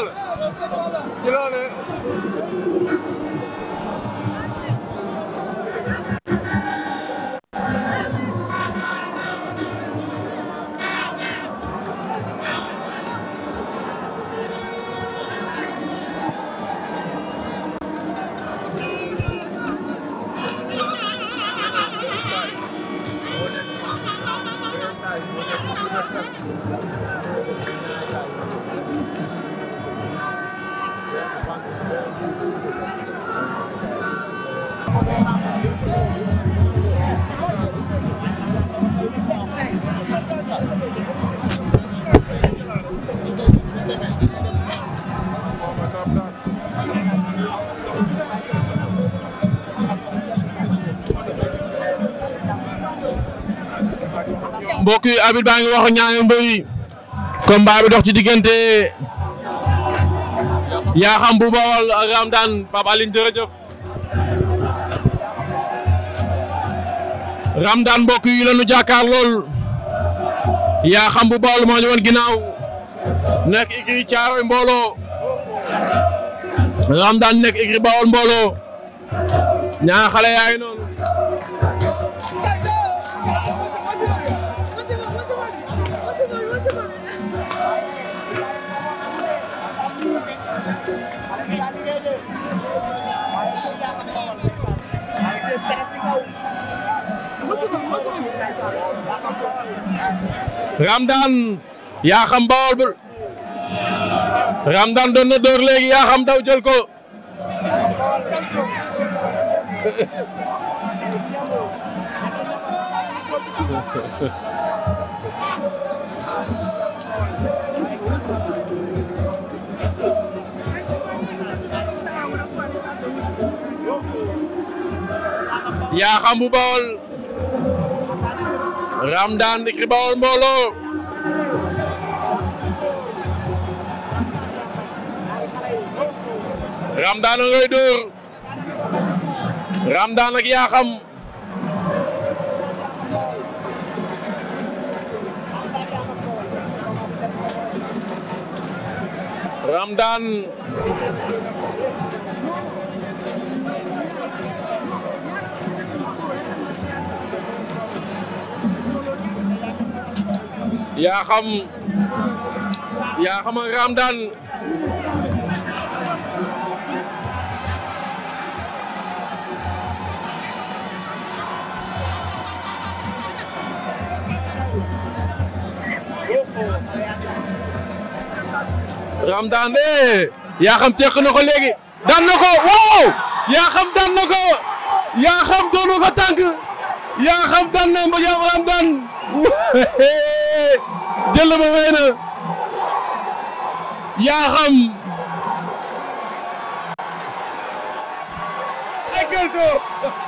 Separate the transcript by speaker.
Speaker 1: Sall mbokk yi abit baa ngi wax ñaari mbër yi combat bi dox ci diggante Yakham bu Bawol ak Ramdan Pape Aline jërëjëf Ramdan mbokk yi la ñu jàkkaar lool Yakham bu Bawol moo ñu woon ginnaaw nekk igri Caaroy mbooloo Ramdan nekk igri Bawol mbooloo ñaar xale yaay noonu Ramdan yaa xam bawol Ramdan doon na door léegi yaa xam daw jël yaa xam bu Ramdan Ikri Bawol mbooloo Ramdan a yaa xam yaa xam ak Ramdan Ramdan de yaa xam teq na ko léegi daan na ko waaw yaa xam daan na ko yaa xam doon na ko tànk yaa xam daan na Ramdan Eh, jël ba wéy na yaa xam.